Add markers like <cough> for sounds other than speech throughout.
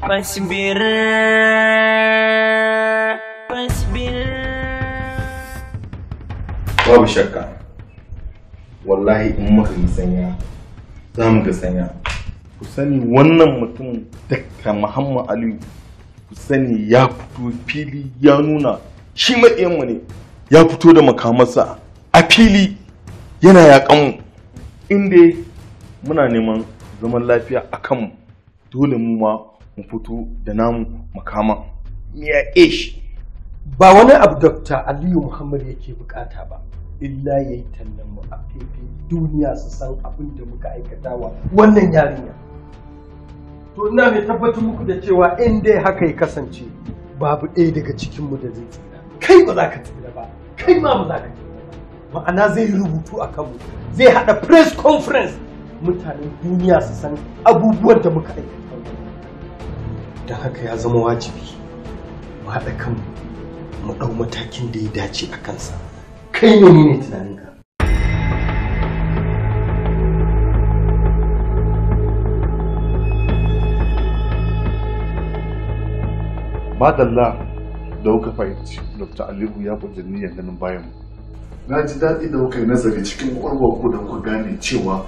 Pasbir Pasbir babu shakka wallahi in muka yi sanya za mu ga sanya ku sani wannan mutum daga muhammad aliyu ku sani ya fito fili ya nuna shi maɗiyanmu ne ya fito da makamarsa a fili yana yaƙanmu inda muna neman zaman lafiya a kanmu dole mu ma mu fito da namu makama ya shi ba wani abu dokta aliyu muhammad yake bukata ba illa ya yi tallan mu a duniya su san abin da muka aikata wa wannan yarinya to ina mai tabbatar muku da cewa in dai haka ya kasance babu ɗaya daga cikinmu da zai tsira kai ba za ka tsira ba kai ma ba za ka tsira ba ma'ana zai rubutu a kanmu zai haɗa press conference mutanen duniya su san abubuwan da muka aikata don haka ya zama wajibi mu haɗa kan mu ɗau matakin da ya dace a kansa kai ne ne tunaninka madalla da kuka fahimci dr aliyu ya kudu niyyar ganin bayan mu na ji daɗi da kuka yi nazari cikin ƙwarwar ku da ku gane cewa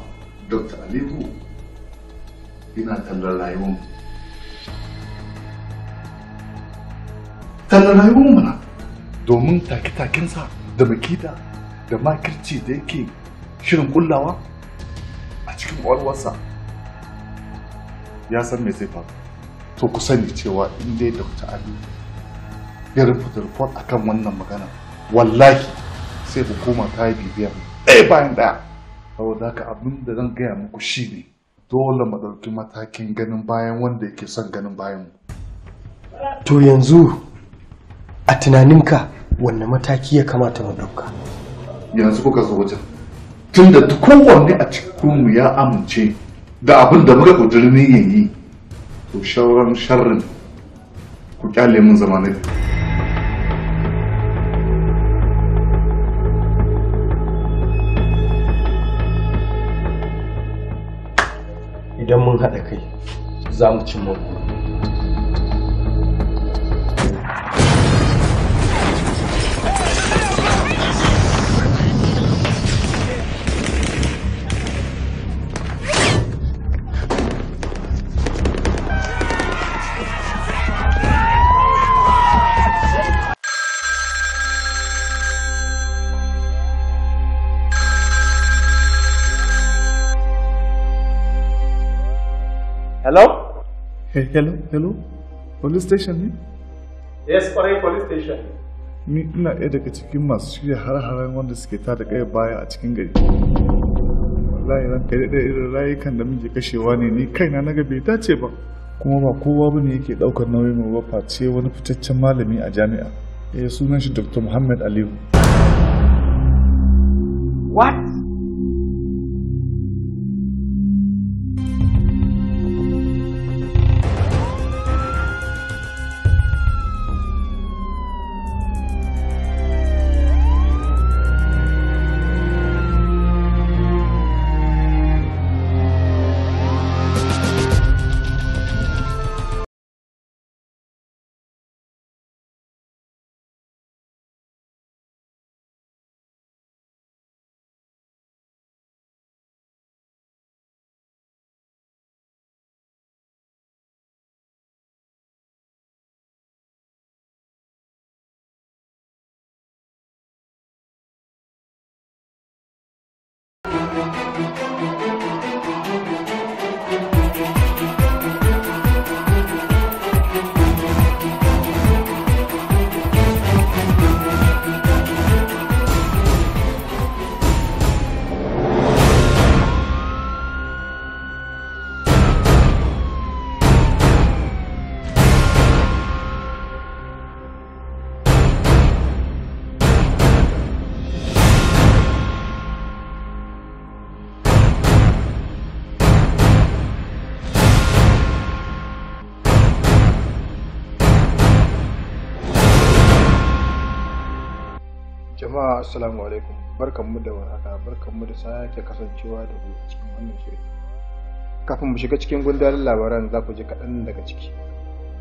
dr aliyu yana tallar rayuwar gudanar mana domin take-takensa da makida da makirci da yake shirin kullawa a cikin ƙwarwarsa ya san me zai faru to ku sani cewa in dai dr ali ya rubuta report akan wannan magana wallahi sai hukuma ta yi bibiya ɗaya bayan ɗaya saboda haka abin da zan gaya muku ne dole mu ɗauki matakin ganin bayan wanda yake son ganin bayan mu to yanzu a tunaninka wanne mataki ya kamata mu ɗauka yanzu kuka zo wajen Tunda da kowanne a cikinmu ya amince da abin da muka ƙudurin yayi to shawaran sharrin ku kyale min zama na idan mun haɗa kai za mu cimma hello hello police station ni. yes a police station ni ina ɗaya daga cikin masu shirya har-haren wanda suke ta da kai baya a cikin gari wallahi ran kai da irin rayukan da muke kashewa ne ni kaina na ga bai dace ba kuma ba kowa ne yake ɗaukar nauyin mu ba face wani fitaccen malami a jami'a eh sunan shi Dr. Muhammad Aliyu what jama'a assalamu alaikum barkanmu da warhaka barkanmu da sake kasancewa da ku cikin wannan shiri kafin mu shiga cikin gundarin labaran za ku ji kaɗan daga ciki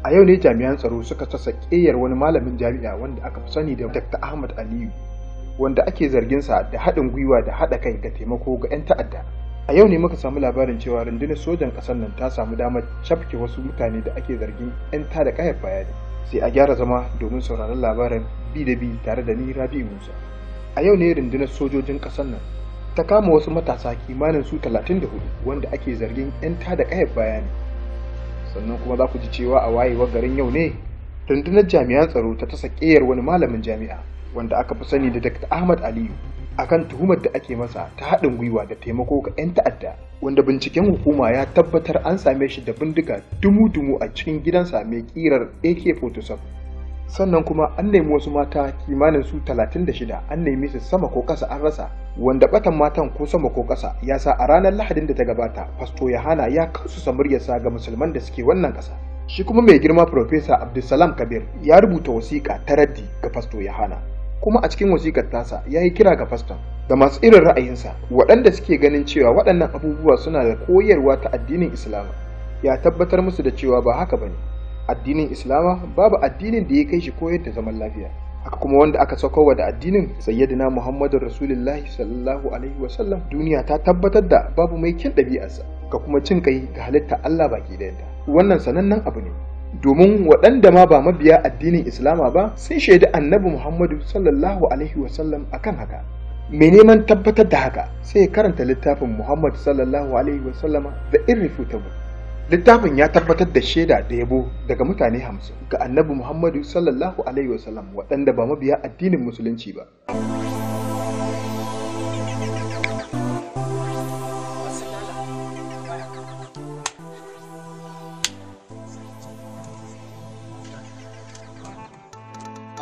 a yau ne jami'an tsaro suka tasa ƙeyar wani malamin jami'a wanda aka fi sani da dr ahmad aliyu wanda ake zargin sa da haɗin gwiwa da haɗa kai ga taimako ga 'yan ta'adda a yau ne muka samu labarin cewa rundunar sojan ƙasar nan ta samu damar cafke wasu mutane da ake zargin 'yan ta da kayan bayani sai a gyara zama domin sauraron labarin bi da bi tare da ni rabi musa a yau ne rundunar sojojin ƙasar nan ta kama wasu matasa kimanin su 34 wanda ake zargin 'yan tada da baya ne sannan kuma za ku ji cewa a wayewar garin yau ne rundunar jami'an tsaro ta tasa ƙeyar wani malamin jami'a wanda aka fi sani da dr ahmad aliyu akan tuhumar da ake masa ta haɗin gwiwa da taimako ga 'yan ta'adda wanda binciken hukuma ya tabbatar an same shi da bindiga dumu-dumu a cikin gidansa mai ƙirar ak-47 sannan kuma an nemi wasu mata kimanin su 36 an nemi su sama ko ƙasa an rasa wanda batan matan ko sama ko ƙasa ya sa a ranar lahadin da ta gabata fasto yahana ya kansu samuryarsa ga musulman da suke wannan ƙasa shi kuma mai girma Profesa abdulsalam kabir ya rubuta wasiƙa ta raddi ga fasto yahana kuma a cikin wasikar tasa ya yi kira ga faston da masu irin ra'ayinsa waɗanda suke ganin cewa waɗannan abubuwa suna da koyarwa ta addinin islama ya tabbatar musu da cewa ba haka bane addinin islama babu addinin da ya kai shi koyar da zaman lafiya haka kuma wanda aka saukowa da addinin sayyidina Muhammadun rasulullahi sallallahu alaihi wasallam duniya ta tabbatar da babu mai kin ɗabi'arsa ga kuma cin kai ga halitta allah baki ɗayanta wannan sanannen abu ne domin waɗanda ma ba mabiya addinin islama ba sun shaidi annabi muhammadu sallallahu alaihi wasallam akan haka mai neman tabbatar da haka sai karanta littafin muhammadu sallallahu alaihi wasallama da irrefutable littafin ya tabbatar da shaida da yabo daga mutane hamsin ga annabi muhammadu sallallahu alaihi wasallam waɗanda ba mabiya addinin musulunci ba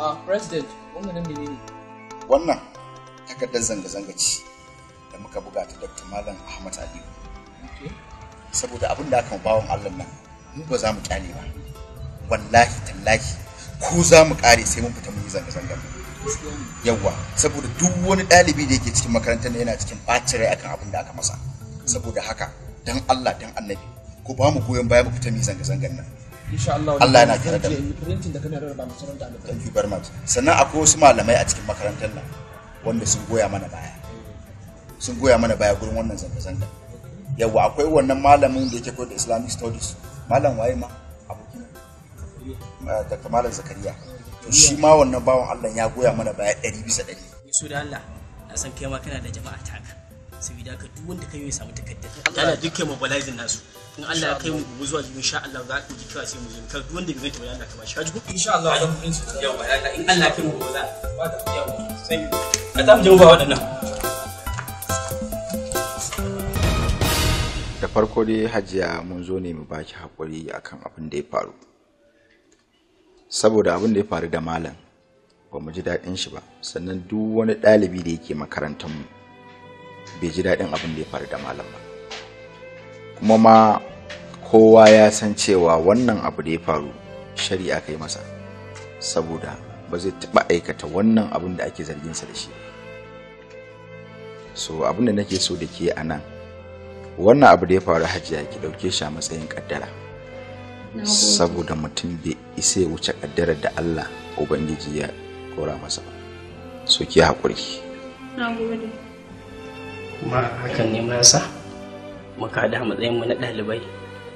a ah, wannan takardar zanga-zanga ce da muka buga ta dr malam ahmad aliyu saboda abin da aka bawon allah nan mu ba za mu kyale ba wallahi tallahi ko za mu kare sai mun fita mun yi zanga-zanga yawwa saboda duk wani ɗalibi da yake cikin makarantar yana cikin ɓacin rai akan abin da aka masa saboda haka dan allah dan annabi ko ba mu goyon baya mu fita mu yi zanga-zangan nan Allah yana tare da mu thank you very much sannan akwai wasu malamai a cikin makarantar nan wanda sun goya mana baya sun goya mana baya gurin wannan zanga-zanga Yawwa akwai wannan malamin da yake koyar da islamic studies malam waye ma abokin daga malam zakariya to shi ma wannan bawan allah ya goya mana baya ɗari bisa ɗari su da allah na san kai ma kana da jama'a taka Sabida ka duk wanda kai ya samu takardar kana dukkan mobilizing nasu in Allah ya kai mu zuwa jibi sha Allah za ku ji kira sai mu zo kar duk wanda bai ganta ba Allah ka hajji shi haji insha Allah zan mun su yau ba in Allah ya kai mu gobe za ba ta yau sai ka ta mu ba waɗannan da farko dai hajiya mun zo ne mu baki haƙuri akan abin da ya faru saboda abin da ya faru da malam ba mu ji daɗin shi ba sannan duk wani ɗalibi da yake makarantar mu bai ji daɗin abin da ya faru da malam ba kuma ma kowa ya san cewa wannan abu da ya faru shari'a kai masa saboda ba zai taɓa aikata wannan abin da ake zarginsa da shi so abin da nake so da ke a nan wannan abu da ya faru hajiya ki ɗauke shi a matsayin ƙaddara saboda mutum bai isa ya wuce ƙaddarar da allah ubangiji ya kora masa ba so ki haƙuri kuma hakan ne ma yasa muka matsayin mu na ɗalibai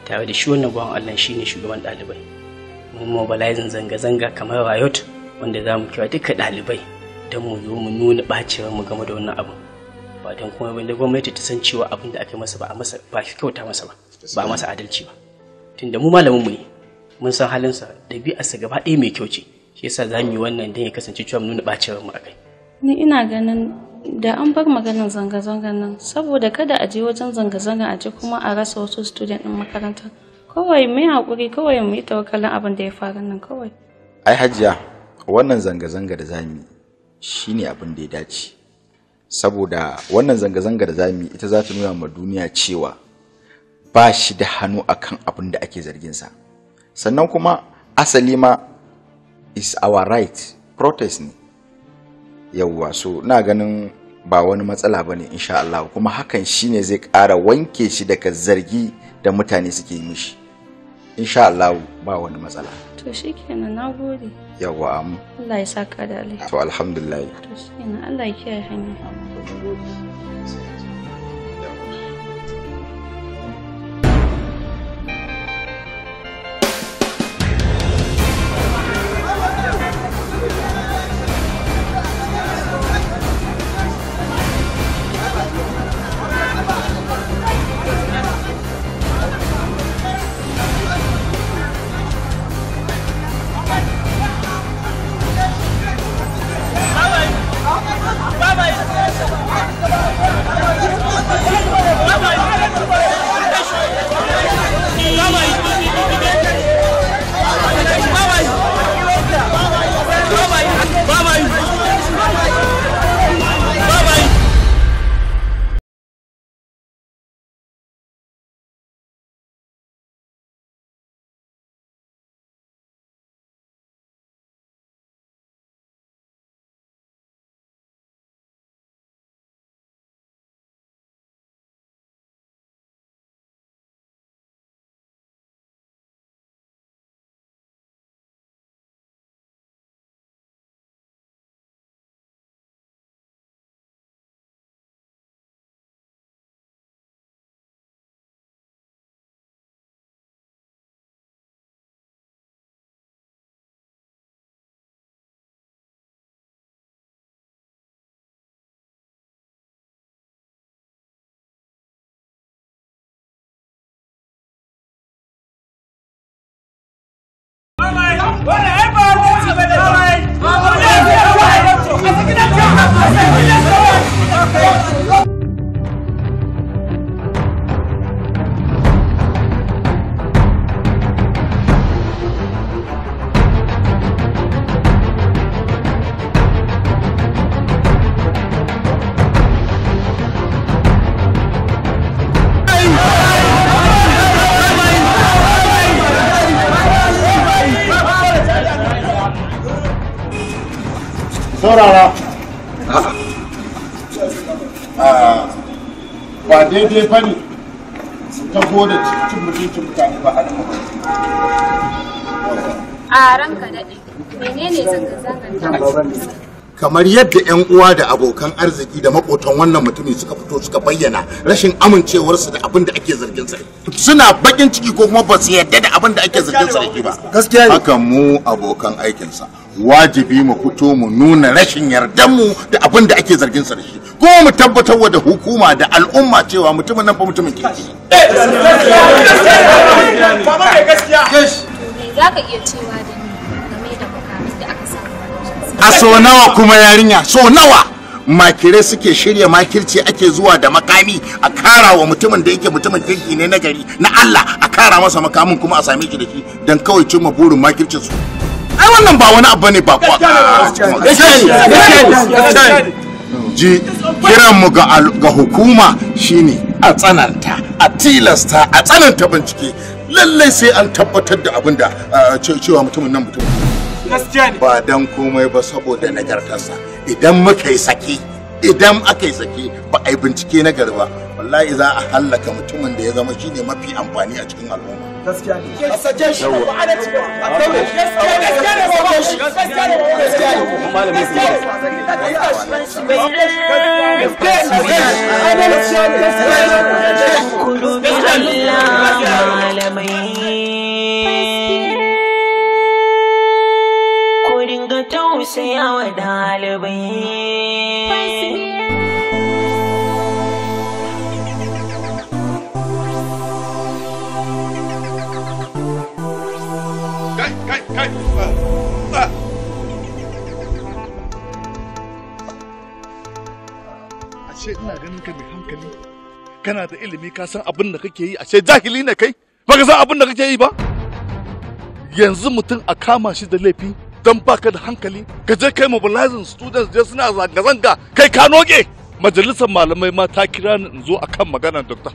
tare da shi wannan bawan Allah shine shugaban ɗalibai mun mobilizing zanga-zanga kamar riot wanda za mu kira duka ɗalibai don mu zo mu nuna ɓacewar mu game da wannan abu ba don kuma wanda gwamnati ta san cewa abin da aka masa ba a masa ba shi kyauta masa ba ba masa adalci ba tunda mu malamin mu ne mun san halin sa da halinsa ɗabi'arsa gaba ɗaya mai kyau ce shi yasa za mu yi wannan don ya kasance cewa mu nuna ɓacewar mu akai ni ina ganin da an bar maganin zanga-zangar nan saboda kada a je wajen zanga-zangar a je kuma a rasa wasu student din makarantar kawai mai haƙuri, kawai mu yi tawakkalin abin da ya faru nan kawai ai hajiya wannan zanga-zanga da zamu yi shine abin da ya dace saboda wannan zanga-zanga da zamu yi ita za ta nuna ma duniya cewa ba shi da hannu akan abin da ake zargin sa sannan kuma asali ma is our right protest ne yawwa so na ganin ba wani matsala ba ne insha Allah kuma hakan shine zai ƙara wanke shi daga zargi da mutane suke mishi insha Allah ba wani matsala to shikenan na gode yawwa amu. Allah ya saka da alheri to alhamdulillah to shikenan Allah ya kiyaye hanya Давай! Давай! Thank you. saurara ah. Ah. ba daidai ba ne ta goda cikin ba a ranka daɗe menene zanga kamar yadda 'yan uwa da abokan arziki da makotan wannan mutumi suka fito suka bayyana rashin amincewarsu da abin da ake zargin sa suna bakin ciki ko kuma ba su yadda da abin da ake zargin sa ba gaskiya ne haka mu abokan aikinsa wajibi mu fito mu nuna rashin yardan mu da abin da ake zargin sa shi ko mu tabbatar wa da hukuma da al'umma cewa mutumin nan fa mutumin ke eh gaskiya gaskiya gaskiya gaskiya gaskiya gaskiya gaskiya gaskiya a so nawa kuma yarinya so nawa makire suke shirya makirci ake zuwa da makami a kara wa mutumin da yake mutumin kirki ne na gari na Allah a kara masa makamin kuma a same shi da dan kawai cimma burin makircin su ai wannan ba wani abu ne ba kuwa ji kiran mu ga hukuma shine a tsananta a tilasta a tsananta bincike lallai sai an tabbatar da abin da cewa mutumin nan mutum ba dan komai ba saboda nagartarsa idan muka yi saki idan aka yi saki ba a yi bincike na gari ba wallahi za a hallaka mutumin da ya zama shine mafi amfani a cikin al'umma gaskiya ne tausaya wa ɗalibai. ashe ina ganin ka mai hankali kana da ilimi ka san abin da kake yi ashe jahili ne kai baka san abin da kake yi ba yanzu mutum a kama shi da laifi Dan baka da hankali ka je kai mobilizing students je suna zanga-zanga kai ka noge majalisar malamai ma ta kira ni in zo akan magana dokta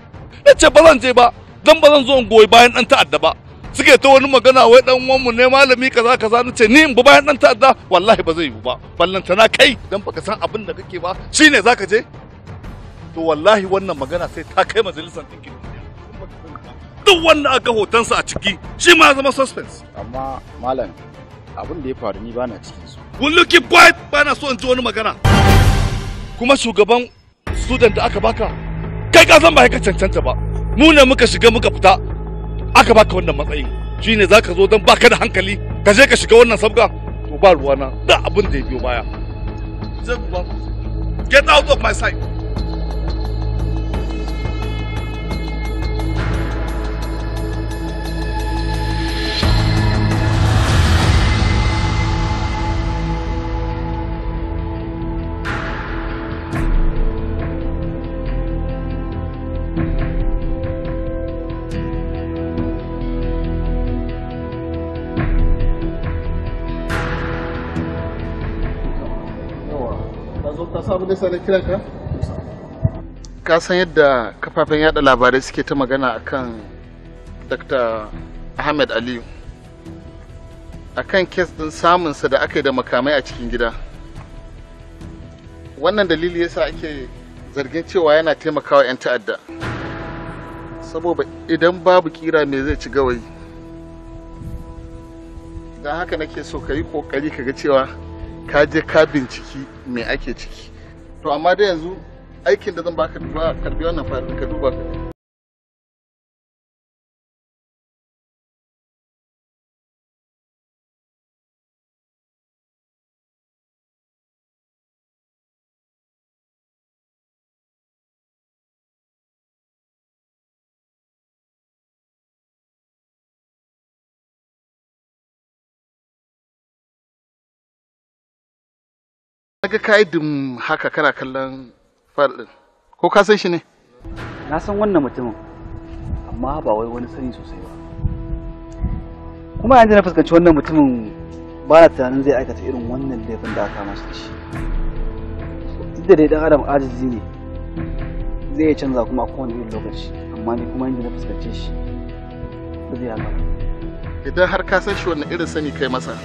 na ce ba zan je ba don ba zan zo in goyi bayan dan ta'adda ba suke ta wani magana wai dan mu ne malami kaza kaza nace ni in bi bayan dan ta'adda wallahi ba zai yi ba ballantana kai dan baka san abin da kake ba shine zaka je to wallahi wannan magana sai ta kai majalisar dinki duk wanda aka hotonsa a ciki shi ma zama suspense amma malam abin da ya faru ni bana cikin su wulluki boy bana so in ji wani magana kuma shugaban student da aka baka kai ka san ba ka cancanta ba mu ne muka shiga muka fita aka baka wannan matsayin shine zaka zo dan baka da hankali ka je ka shiga wannan sabga to ba ruwana da abin da ya biyo baya get out of my sight ka san yadda kafafen yada labarai suke ta magana akan dr ahmed aliyu akan kes din samunsa da aka yi da makamai a cikin gida wannan dalili yasa ake zargin cewa yana taimakawa 'yan ta'adda saboda idan babu kira me zai ci gawayi don haka nake so ka yi kokari ka ga cewa ka je kabin ciki me ake ciki to amma da yanzu aikin da zan baka karbi wannan fayil ka duba ka Naga ka yi dum haka kana kallon fal ɗin. Ko ka san shi ne? Na san wannan mutumin, amma ba wai wani sani sosai ba. Kuma yanzu na fuskanci wannan mutumin ba na tunanin zai aikata irin wannan laifin da aka masa shi. Duk dai dan Adam ajizi ne, zai iya canza kuma kowane irin lokaci, amma ni kuma yanzu na fuskanci shi. Ba zai haka. Idan har ka san shi wannan irin sani kai masa,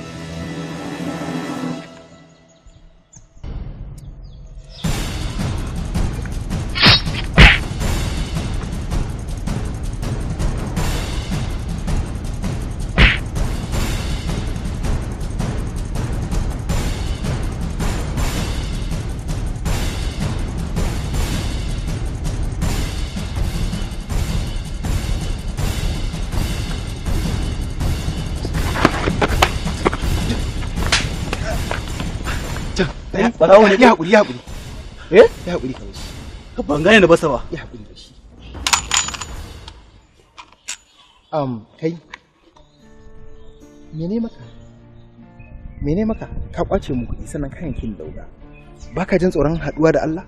barawo ne ya hakuri ya hakuri eh ya hakuri kawai ka ban gane da basa ba ya hakuri da shi um kai mene maka mene maka ka kwace mu kuɗi sannan kayan kin dauda baka jin tsoron haɗuwa da Allah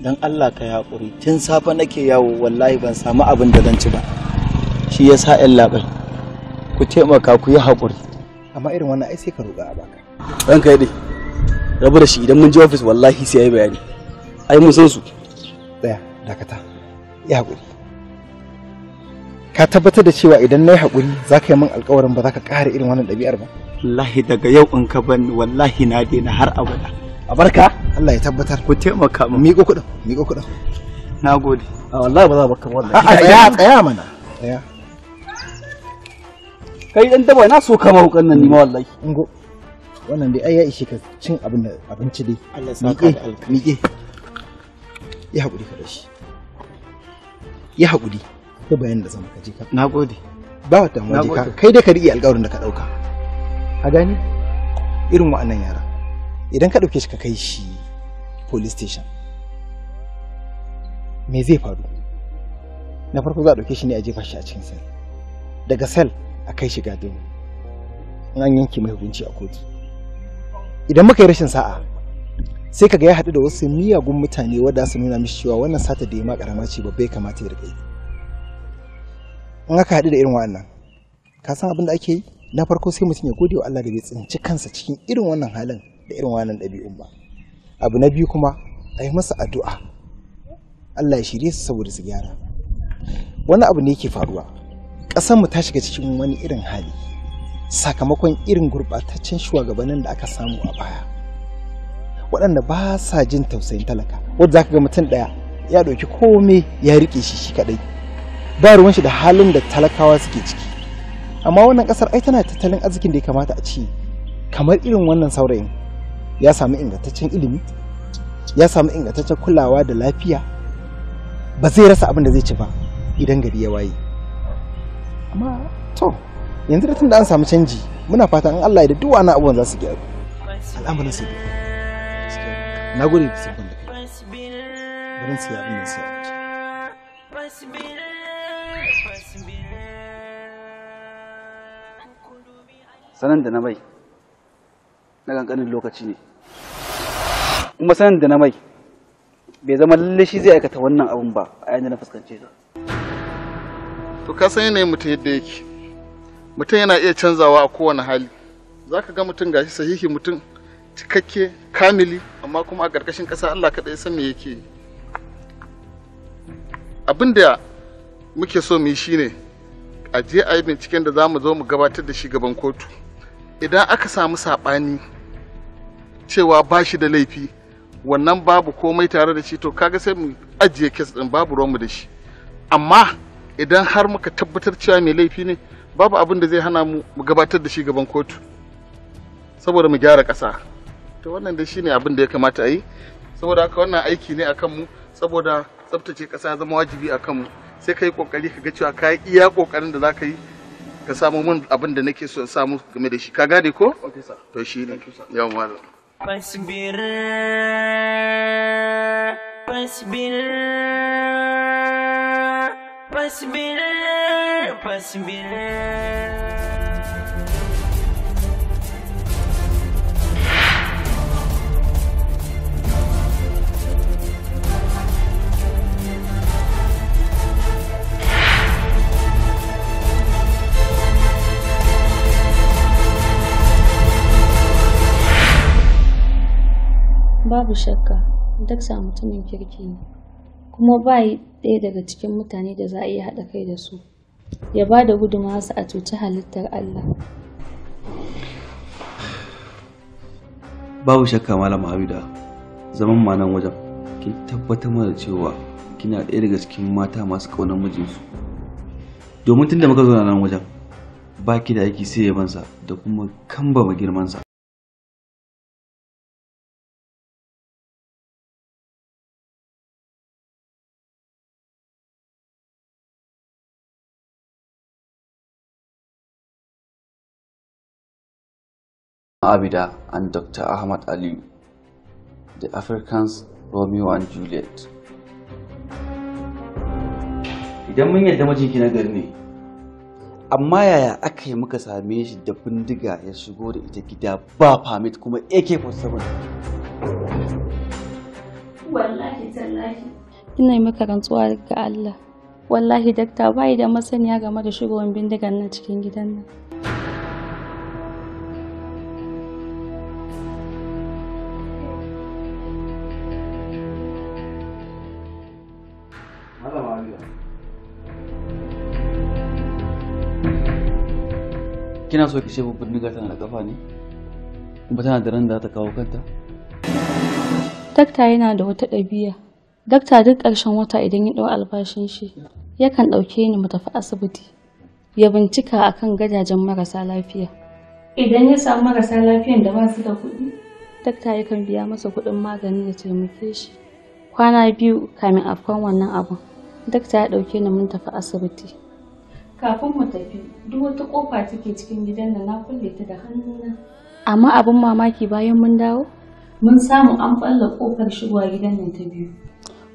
dan Allah ka hakuri tun safa nake yawo wallahi ban samu abin da zan ci ba shi yasa in labai ku taimaka ku yi haƙuri. amma irin wannan ai sai ka roƙa a baka ranka yi dai rabu da shi idan mun je ofis wallahi sai yayi bayani ai mun san su daya dakata ya hakuri ka tabbatar da cewa idan nayi hakuri zaka yi min alƙawarin ba zaka kare irin wannan ɗabi'ar ba wallahi daga yau in ka bani wallahi na daina har abada a barka Allah ya tabbatar ku taimaka mu miƙo kuɗin miƙo kuɗin nagode a wallahi ba za ba barka wallahi ya tsaya tsaya mana tsaya kai dan daba na so ka mahukan nan ni ma wallahi wannan dai ai ya ishe ka cin abin da abinci dai Allah saka da alkai miƙe ya haƙuri ka dashi ya haƙuri ko bayanin da zama ka je ka nagode ba wata mu je ka kai dai ka riƙe alƙawarin da ka ɗauka a gani irin wa'annan yara idan ka ɗauke shi ka kai shi police station me zai faru na farko za a ɗauke shi ne a jefa shi a cikin sel daga sel a kai shi gado an yanke mai hukunci a kotu idan muka yi rashin sa'a sai kaga ya haɗu da wasu miyagun mutane wadda su nuna mishi cewa wannan sata da ya ma karama ce babba ya kamata ya rikai in aka haɗu da irin wannan ka san abin da ake yi na farko sai mutum ya gode wa Allah da bai tsinci kansa cikin irin wannan halin da irin wannan ɗabi'un ba abu na biyu kuma a yi masa addu'a Allah ya shirye su saboda su gyara wani abu ne yake faruwa ƙasar mu ta shiga cikin wani irin hali sakamakon irin gurɓataccen shugabannin da aka samu a baya waɗanda ba sa jin tausayin talaka wadda za ka ga mutum ɗaya ya ɗauki kome ya riƙe shi shi kaɗai ba ruwan shi da halin da talakawa suke ciki amma wannan ƙasar ai tana tattalin arzikin da ya kamata a ci. kamar irin wannan saurayin ya samu ingantaccen ilimi ya samu ingantaccen kulawa da lafiya ba zai rasa abin da zai ci ba idan gari ya waye amma to yanzu da tun da an samu canji muna fata an Allah ya da duk na abubuwan za su gyaru al'amarin sai na gode da sabon da kai bari su yi abin da su sanan da na mai na kankanin lokaci ne kuma sanan da na mai bai zama lalle shi zai aikata wannan abun ba a yayin da na fuskance ka to ka san yanayin mutum yadda yake mutum yana iya canzawa a kowane hali za ka ga mutum gashi sahihi mutum cikakke kamili amma kuma a ƙarƙashin ƙasa allah kaɗai san me yake yi abin da muke so mu yi shine a je a yi binciken da za mu zo mu gabatar da shi gaban kotu idan aka samu saɓani cewa ba shi da laifi wannan babu komai tare da shi to kaga sai mu ajiye kes ɗin babu ruwanmu da shi amma idan har muka tabbatar cewa mai laifi ne babu abin da zai hana mu gabatar da shi gaban kotu saboda mu gyara ƙasa to wannan da shine abin da ya kamata a yi saboda haka wannan aiki ne akan mu saboda tsabtace ƙasa zama wajibi akan mu sai ka yi ƙoƙari ka ga cewa ka yi iya ƙoƙarin da za ka yi ka samu min abin da nake so in samu game da shi ka gane ko to shi ne yawan malam فاصبر Babu shakka, duk mutumin kirki ne. kuma ba ɗaya daga cikin mutane da za a iya haɗa kai da su ya ba da gudunmawarsa a cuci halittar Allah. Babu shakka Malam Hamida zaman ma nan wajen kin tabbatar mana cewa kina ɗaya daga cikin mata masu ƙaunar mijinsu. Domin tun da muka zo nan wajen ba ki da aiki sai yabansa da kuma kamba girmansa. Abida and Dr. Ahmad Aliyu, the Africans Romeo and Juliet. Idan mun yadda na gari ne. Amma yaya aka yi muka same shi da bindiga ya shigo da ita gida ba permit kuma AK-47? Wallahi tallahi. Ina yi maka rantsuwa ga Allah. Wallahi dakta bai da masaniya game da shigowar bindigan nan cikin gidan nan. kina so ki ce babban diga tana da kafa ne kuma tana da ran da ta kawo kanta dakta yana da wata ɗabi'a dakta duk ƙarshen wata idan ya ɗau albashin shi yakan ɗauke ni mu tafi asibiti ya bincika akan gadajen marasa lafiya idan ya samu marasa lafiyan da ba su da kuɗi dakta yakan biya masa kuɗin magani da taimake shi kwana biyu kamin afkon wannan abu. dakta ya ɗauke ni mun tafi asibiti kafin mu tafi duk wata kofa take cikin gidan nan, na kulle ta da hannuna amma abin mamaki bayan mun dawo mun samu an ɓalla kofar shigowa gidan nan ta biyu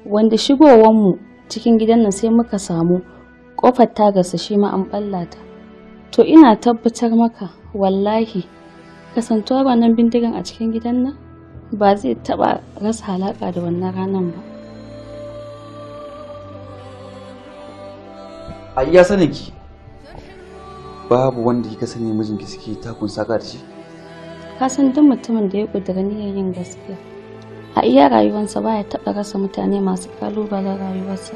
wanda shigowanmu cikin gidan nan sai muka samu kofar ta gasa shi ma an balla ta to ina tabbatar maka wallahi kasantuwar wannan bindigan a cikin gidan nan ba zai taba rasa halaka da wannan ranar ba a iya sanin ki babu wanda kika sani mijinki suke takun saka da shi ka san duk mutumin da ya kudura niyyar yin gaskiya a iya rayuwarsa baya taɓa rasa mutane masu kalubalen rayuwarsa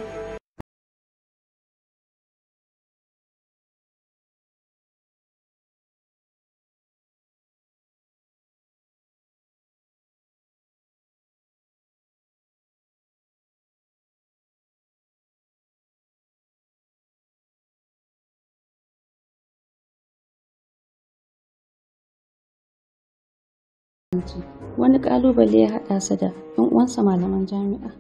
aiki wani kalubale ya haɗa su da yan uwansa malaman jami'a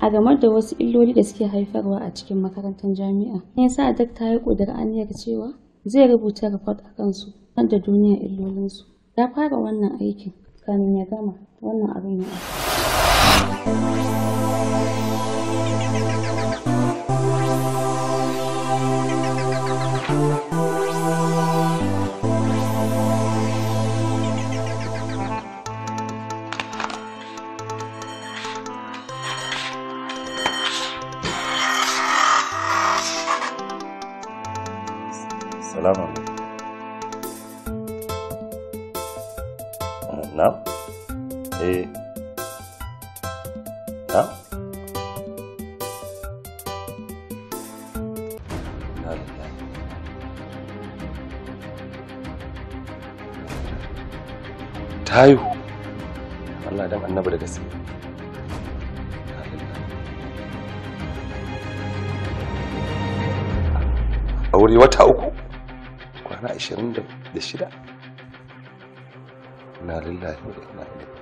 a game da wasu illoli da suke haifarwa a cikin makarantar jami'a ya sa dakta ya ƙudiri aniyar cewa zai rubuta report a kansu kan da duniya illolinsu ya fara wannan aikin kanin ya gama wannan abin ya haihu Allah dan annabi da gaske wuri wata uku kwana 26 na lillahi wa inna ilaihi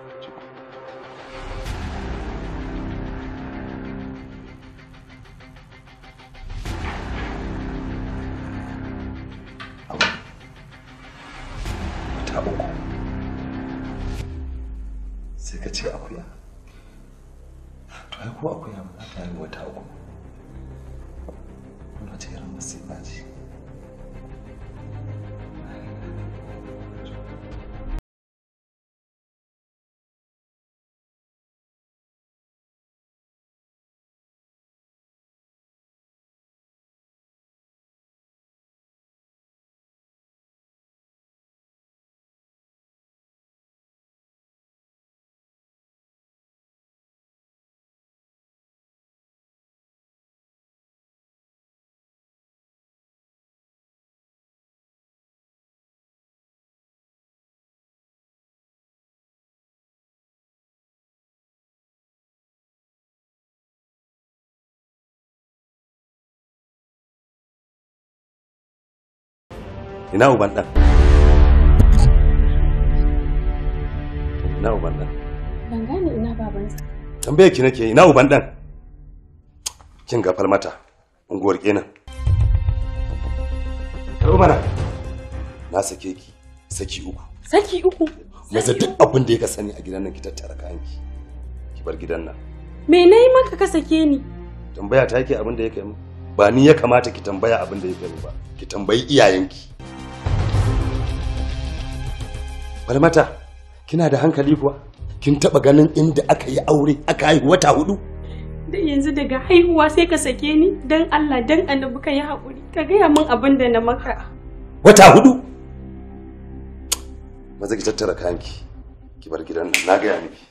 ka ce akuya to ai ko akuya ba ta wata uku wannan ta ina uban ɗan ina uban ɗan ban gane ina babansa tambayar ki nake ina uban ɗan kin gafar mata unguwar kenan karɓi mana na sake ki saki uku saki uku maza duk abin da ya ka sani a gidan nan ki tattara kayan ki ki bar gidan nan me na yi maka ka sake ni tambaya ta yake abin da ya kai mu ba ni ya kamata ki tambaya abin da ya kai mu ba ki tambayi iyayenki Falmata, kina da hankali kuwa? Kin taba ganin inda aka yi aure aka haihu wata hudu? dan yanzu daga haihuwa sai ka sake ni dan Allah dan annabi ka yi haƙuri. Ka gaya min abin da na maka. Wata hudu? Maza ki tattara kanki, Ki bar gidan na gaya miki.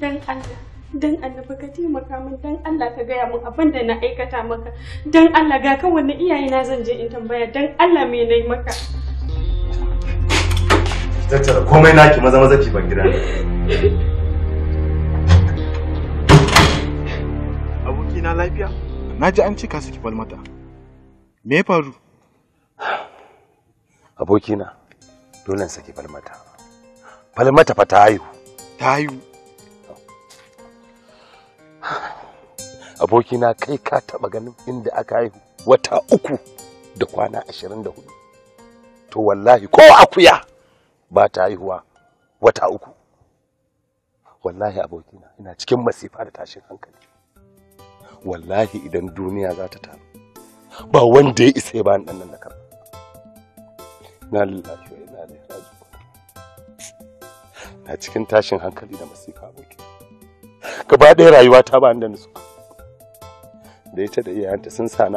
Dan Allah. Dan annabi ka taimaka min dan Allah ka gaya min abin da na aikata maka. Dan Allah ga kan wani iyayena zan je in tambaya dan Allah me nayi maka. tattara komai naki maza maza ki ban gida aboki na lafiya na ji an cika saki falmata me faru aboki na dole in saki falmata falmata fa ta haihu ta haihu aboki na kai ka taba ganin inda aka haihu wata uku da kwana ashirin da hudu to wallahi ko akuya ba ta haihuwa wata uku wallahi abokina ina cikin masifa da tashin hankali wallahi idan duniya za ta taru ba wanda ya isa ba nan nan da na lillahi wa inna ilaihi raji'un na cikin tashin hankali da masifa aboki gaba ɗaya rayuwa ta ba da nutsuwa da ita da iyayenta sun sa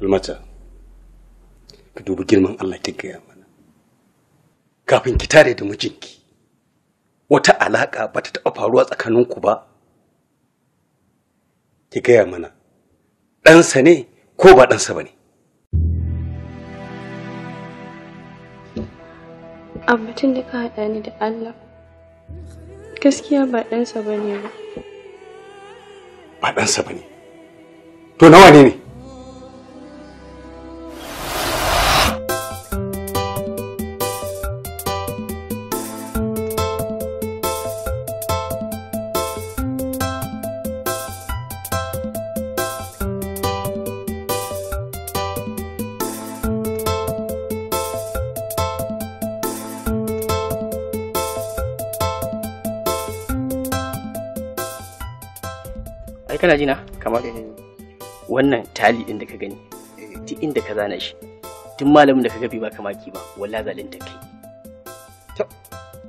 almata ka dubi girman Allah ki gaya mana. Kafin ki tare da mijinki, wata alaƙa ba ta taɓa faruwa tsakaninku ba. Ki gaya mana, ɗansa ne ko ba ɗansa ba ne? Abbatun da ka haɗa ni da Allah, gaskiya ba ɗansa ba ne ba. Ba ɗansa ba ne. To nawa ne ne? kana jina kamar eh. wannan tali din da ka gani eh. duk inda ka zana shi tun malamin da ka gabi ba ki ba walla zalunta kai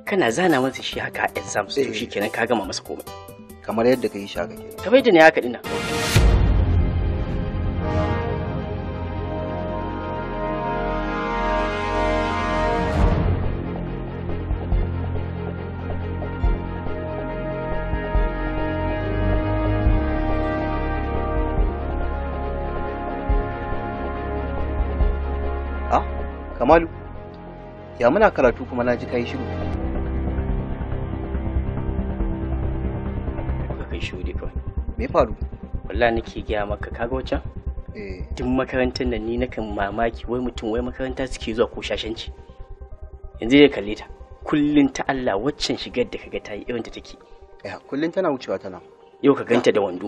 kana zana masa shi haka exam su eh. shi kenan ka gama masa komai kamar yadda ka yi shaka kenan kamar yadda ne haka dina Kamalu, ya muna karatu kuma na ji kai shiru. Ba kai shiru dai kawai. Me faru? Wallah nake gaya maka kaga wacan? Eh. Duk makarantar nan ni nakan mamaki wai mutum wai makaranta suke zuwa ko shashanci. Yanzu ya kalle ta. Kullum ta Allah waccan shigar da kaga ta yi irin ta take. Kullum tana wucewa tana. Yau ka ganta da wando.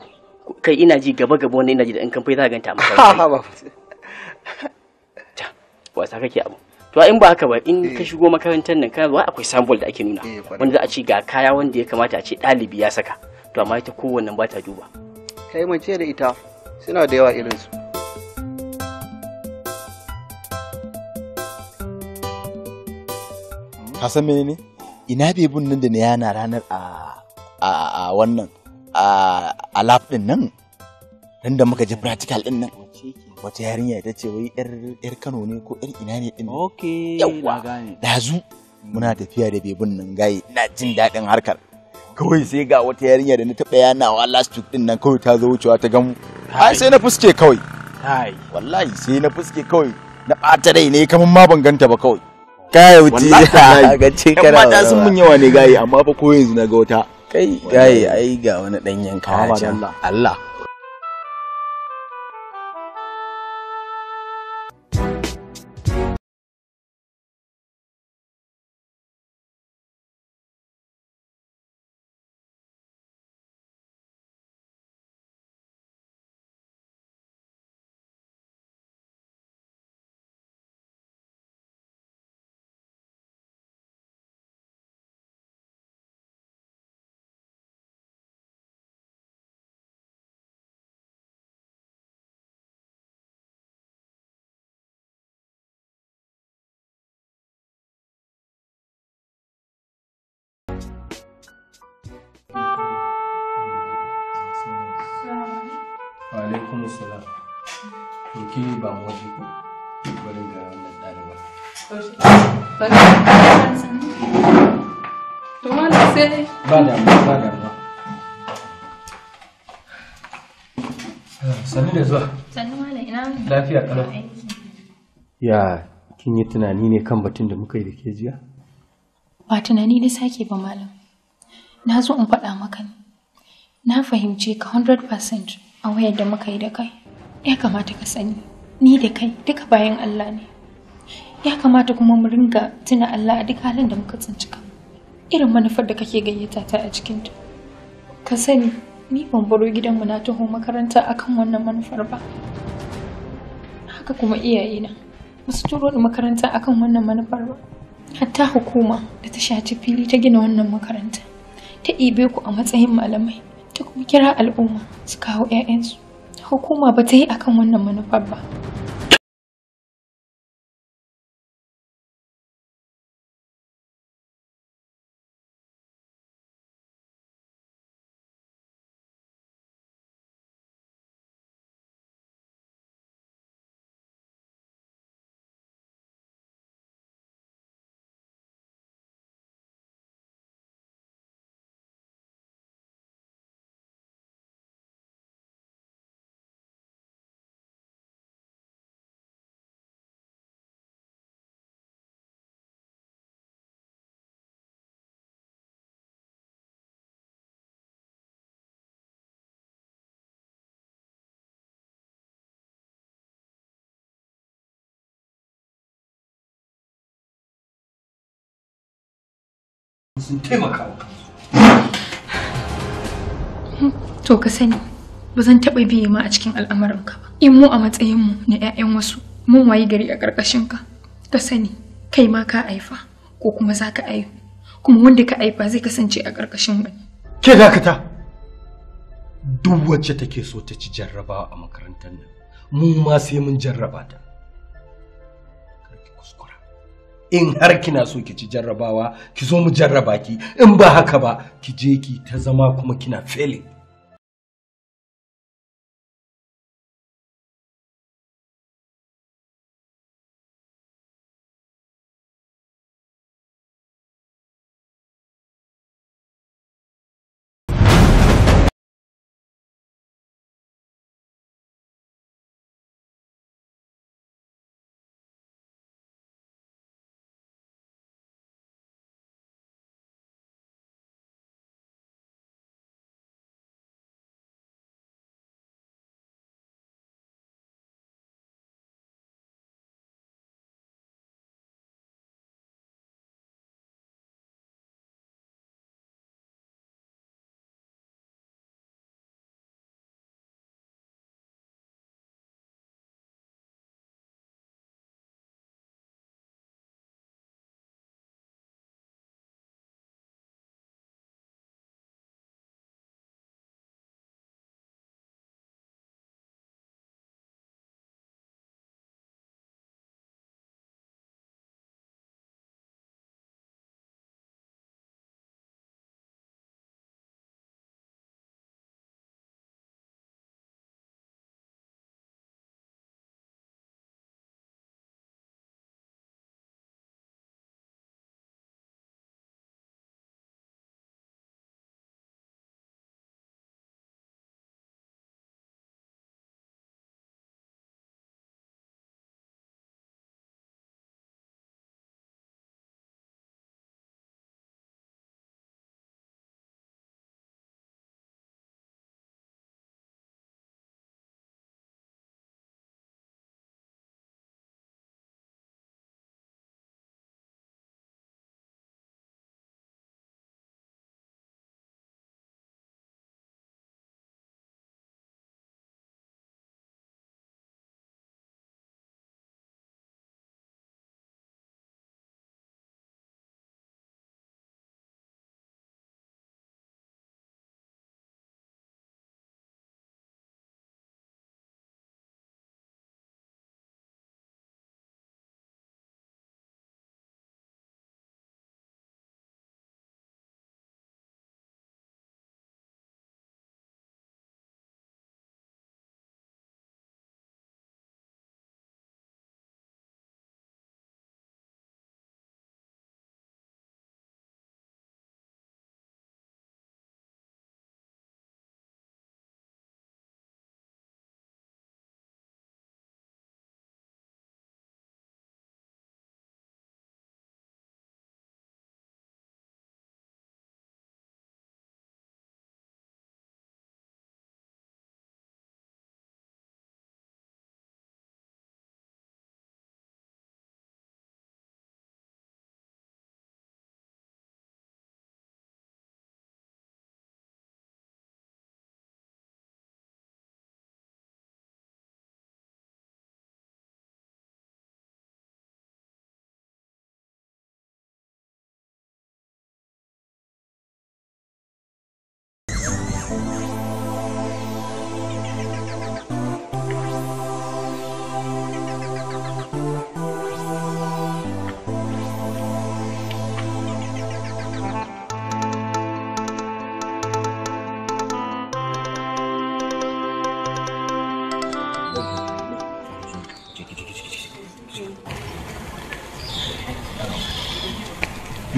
Kai ina ji gaba gaba wani ina ji da in kamfai za ka ganta a <laughs> wasa kake abu to in ba haka ba in ka eh. shigo makarantar nan kana zuwa akwai sample da ake nuna eh, wanda za a ce ga kaya wanda ya kamata a ce ɗalibi ya saka to amma ita kowanne ba ta duba kai mace da ita suna da yawa irin su. san menene ina nan da na yana ranar a wannan a lab din nan nan da muka ji practical din nan wata yarinya ita ce wai yar Kano ne ko yar ina ne din yawwa. yawa dazu muna mm. tafiya da bebin nan gaye ina jin daɗin harkar kawai sai ga wata yarinya da na taɓa yanawa last week din nan kawai ta zo wucewa ta gamu ai sai na fuske kawai wallahi sai na fuske kawai na ɓata rai ne kamar ma ban ganta ba kawai kaya wuce ga ce kana mata sun mun yawa ne gaye amma fa ko yanzu na ga wata kai gaye ai ga wani ɗan yanka Allah Allah ke ba mu waje ku wurin ga wannan ɗaliban. To wannan sai. Ba damuwa ba damuwa. Sannu da zuwa. Sannu malam ina mu. Lafiya kalau. Ya kin yi tunani ne kan batun da muka yi da ke jiya? Ba tunani na sake ba malam. Na zo in faɗa maka ne. Na fahimce ka 100% a wayar da muka yi da kai. ya kamata ka sani ni da kai duka bayan Allah ne ya kamata kuma mu ringa tuna Allah a duk halin da muka tsinci ka irin manufar da kake gayyata ta a cikinta ka sani ni ban baro gidanmu na taho makaranta akan wannan manufar ba haka kuma na ba su turo ni makaranta akan wannan manufar ba hatta hukuma da ta shaci fili ta gina wannan makaranta ta ibe ku a matsayin malamai ta kuma kira al'umma su kawo 'ya'yansu hukuma ba ta yi akan wannan manufar ba sun taimaka wa to ka sani ba zan taɓa biye ma a cikin al'amuranka ba in mu a matsayinmu na 'ya'yan wasu mun wayi gari a ƙarƙashinka ka sani kai ma ka haifa ko kuma za ka aihu kuma wanda ka haifa zai kasance a ƙarƙashin wani ke dakata duk wacce take so ta ci jarraba a makarantar nan mu ma sai mun jarraba ta in har kina so ki ci jarrabawa ki zo mu jarraba ki in ba haka ba ki je ki ta zama kuma kina failing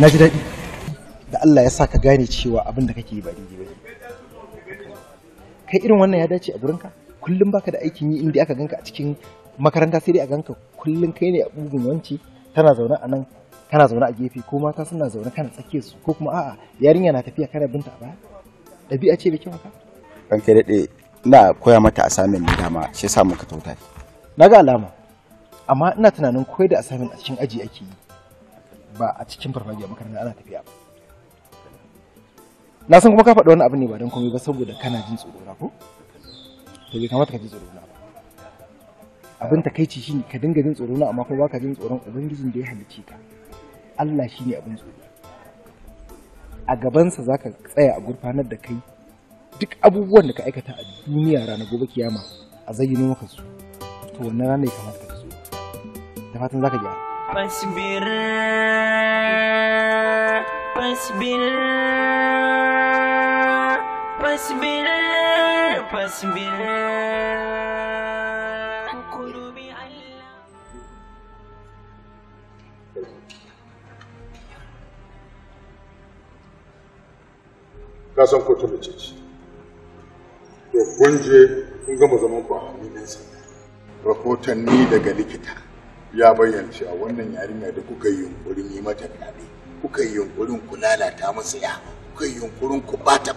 na ji daɗi da Allah ya sa ka gane cewa abin da kake yi ba daidai ba kai irin wannan ya dace a gurinka kullum baka da aikin yi inda aka ganka a cikin makaranta sai dai a ganka kullum kai ne a bugun wanci tana zaune a nan kana zaune a gefe ko mata suna zaune kana tsake su ko kuma a'a yarinya na tafiya kana binta a baya ɗabi'a ce da kyau haka ban kai daɗe ina koya mata a samin ne dama shi yasa muka tauta na ga alama amma ina tunanin koyar da assignment a cikin aji ake yi ba a cikin farfajiyar makaranta ana tafiya ba na san kuma ka faɗi wani abu ne ba don komai ba saboda kana jin tsoro na ko to bai kamata ka ji tsoro na ba abin ta ci shi ka dinga jin tsoro na amma kuma baka jin tsoron ubangijin da ya halicce ka Allah shine abin tsoro a gabansa zaka tsaya a gurfanar da kai duk abubuwan da ka aikata a duniya ranar gobe kiyama a zayyano maka su to wannan ranar ya kamata ka tsoro da fatan zaka gyara fasbir fasbir ka san ko ta mace ce to kun je kun gama zaman ku a hannun rahotanni daga likita ya bayyana cewa wannan yarinya da kuka yi yunkurin yi mata fyaɗe kuka yi yunkurin ku lalata masa ya kuka yi yunkurin ku bata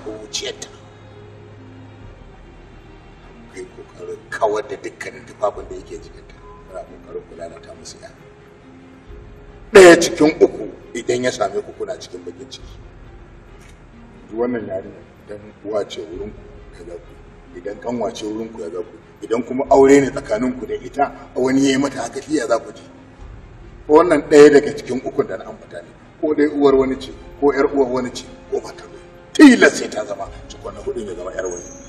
ta kai kokarin kawar da dukkanin tufafin da yake jikinta muna kokarin da ta musu ya ɗaya cikin uku idan ya same ku kuna cikin bakin ciki wannan yari idan wace wurin ku ya ga ku idan kan wace wurin ku ya ga ku idan kuma aure ne tsakanin ku da ita a wani yayi mata haka shi za ku ji wannan ɗaya daga cikin ukun da na ambata ne ko dai uwar wani ce ko yar uwar wani ce ko matar tilas sai ta zama cikon na hudu ya zama yar wani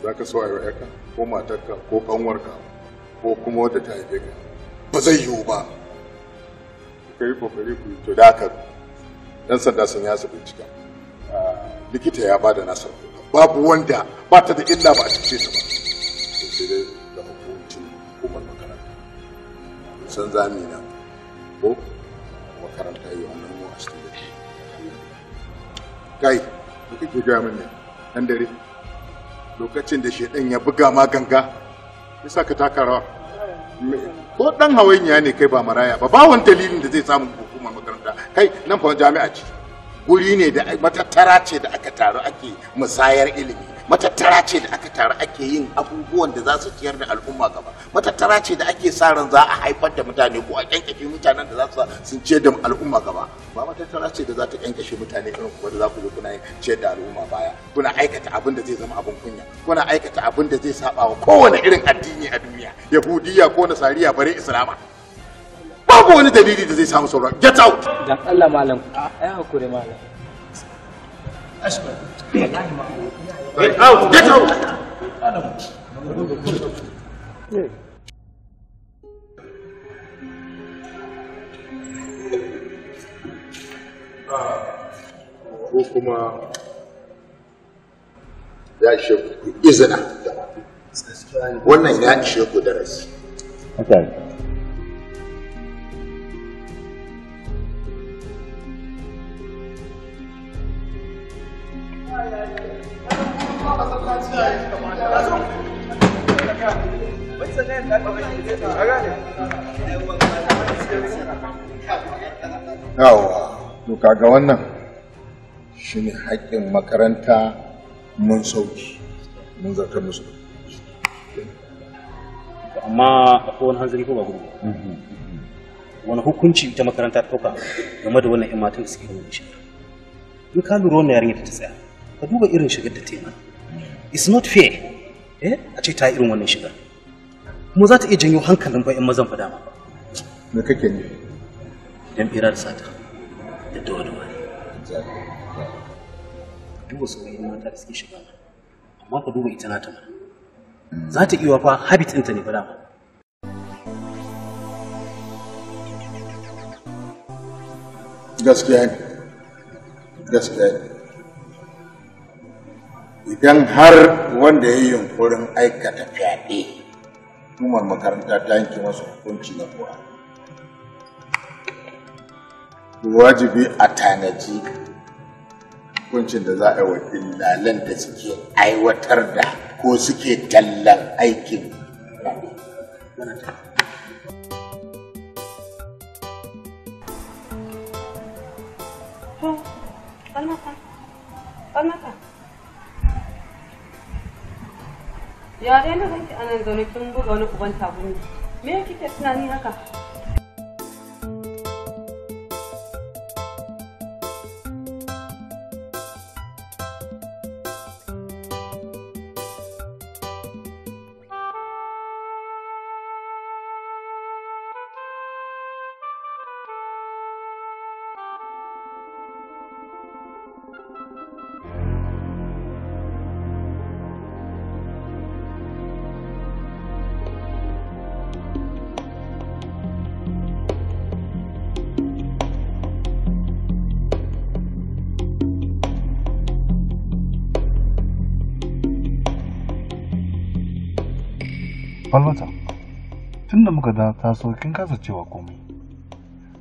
za ka so a yi ka ko matarka ko kanwarka ko kuma wata ta haife ka ba zai yiwu ba ka yi kokari ku to da aka dan sanda sun yasa bincika ah, likita ya bada nasa babu wanda ba ta da illa ba a cikin ta ba sai dai da hukuncin hukumar makaranta san zami na ko makaranta yi wannan mu a cikin gai da kake gaya min ne dan dare lokacin da shedan ya buga ma ganga yasa ka taka rawa ko dan hawainiya ne kai ba maraya ba ba wani dalilin da zai samu hukumar makaranta kai nan fa jami'a ce guri ne da matattara ce da aka taru ake musayar ilimi matattara ce da aka taru ake yin abubuwan da za su ciyar da al'umma gaba matattara ce da ake sa ran za a haifar da mutane ko a kyankyafe mutanen da za su sun ciyar da al'umma gaba ba matattara ce da za ta kankashe mutane irin kuma da za ku zo kuna ciyar da al'umma baya kuna aikata abin da zai zama abin kunya kuna aikata abin da zai saba wa kowane irin addini a duniya yahudiya ko nasariya bare islama babu wani dalili da zai samu sauran get out dan Allah malam ai hakuri malam ashkar get out get out ko kuma ya ishe ku izina wannan ya ishe ku darasi Yawa. Doka ga wannan shi ne haƙƙin makaranta mun sauki mun zarta musu amma akwai wani hanzari ko ba gudu wani hukunci ita makaranta ta ɗauka game da wannan 'yan matan da suke wani shi in ka lura wannan yarinya ta tsaya ka duba irin shigar da ta yi it's not fair eh a ce ta irin wannan shigar kuma za ta iya janyo hankalin bayan mazan fa dama me kake ne dan bira da sata da duwa-duwa ne duba wani mata da suke shiga amma ka duba ita nata mana za ta iya fa habit ɗinta ne fa dama gaskiya ne gaskiya ne idan har wanda ya yi yunkurin aikata fyaɗe hukumar makaranta ta yanke masa hukunci na kuwa wajibi a tanaji kuncin da za a yi wa dillalan da suke aiwatar da ko suke tallan aikin Ya dai na ganki anan zaune kin buga wani uban tabuni. Me kike tunani haka? falmata da muka da taso kin kasa cewa komai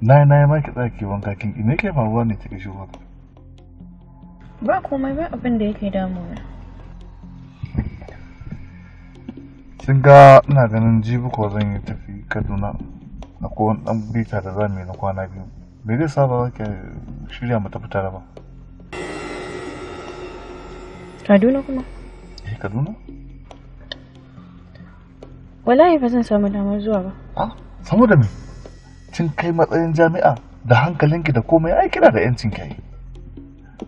na yi na yi maki tsaki wanka kin ina ke faruwa ne cikin shi wata ba komai ba abin da yake damuwa. Sun ga ina ganin jibi ko zan yi tafi kaduna na kowan dan bita da za mu yi na kwana biyu me zai sa ba ka shirya mu tafi tare ba kaduna kuma eh kaduna wallahi ba zan samu damar zuwa ba a ah, saboda me kin kai matsayin jami'a da hankalinki da komai ai kina da yancin kai